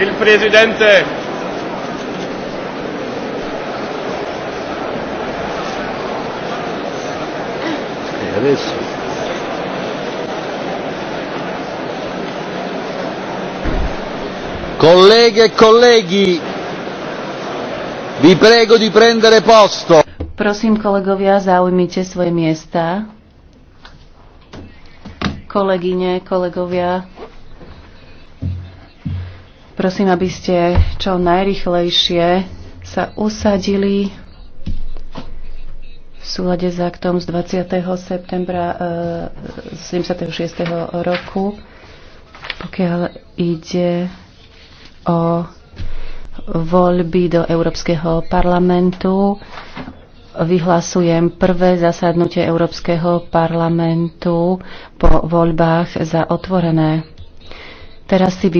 Il Presidente. E adesso? Colleghe e colleghi, vi prego di prendere posto. Prosím, kolegovia, zaujmite svoje miesta. Kolegyne, kolegovia, Prosím, aby ste čo najrychlejšie sa usadili v súlade s aktom z 20. septembra e, 76. roku, pokiaľ ide o voľby do Európskeho parlamentu. Vyhlasujem prvé zasadnutie Európskeho parlamentu po voľbách za otvorené. Teraz si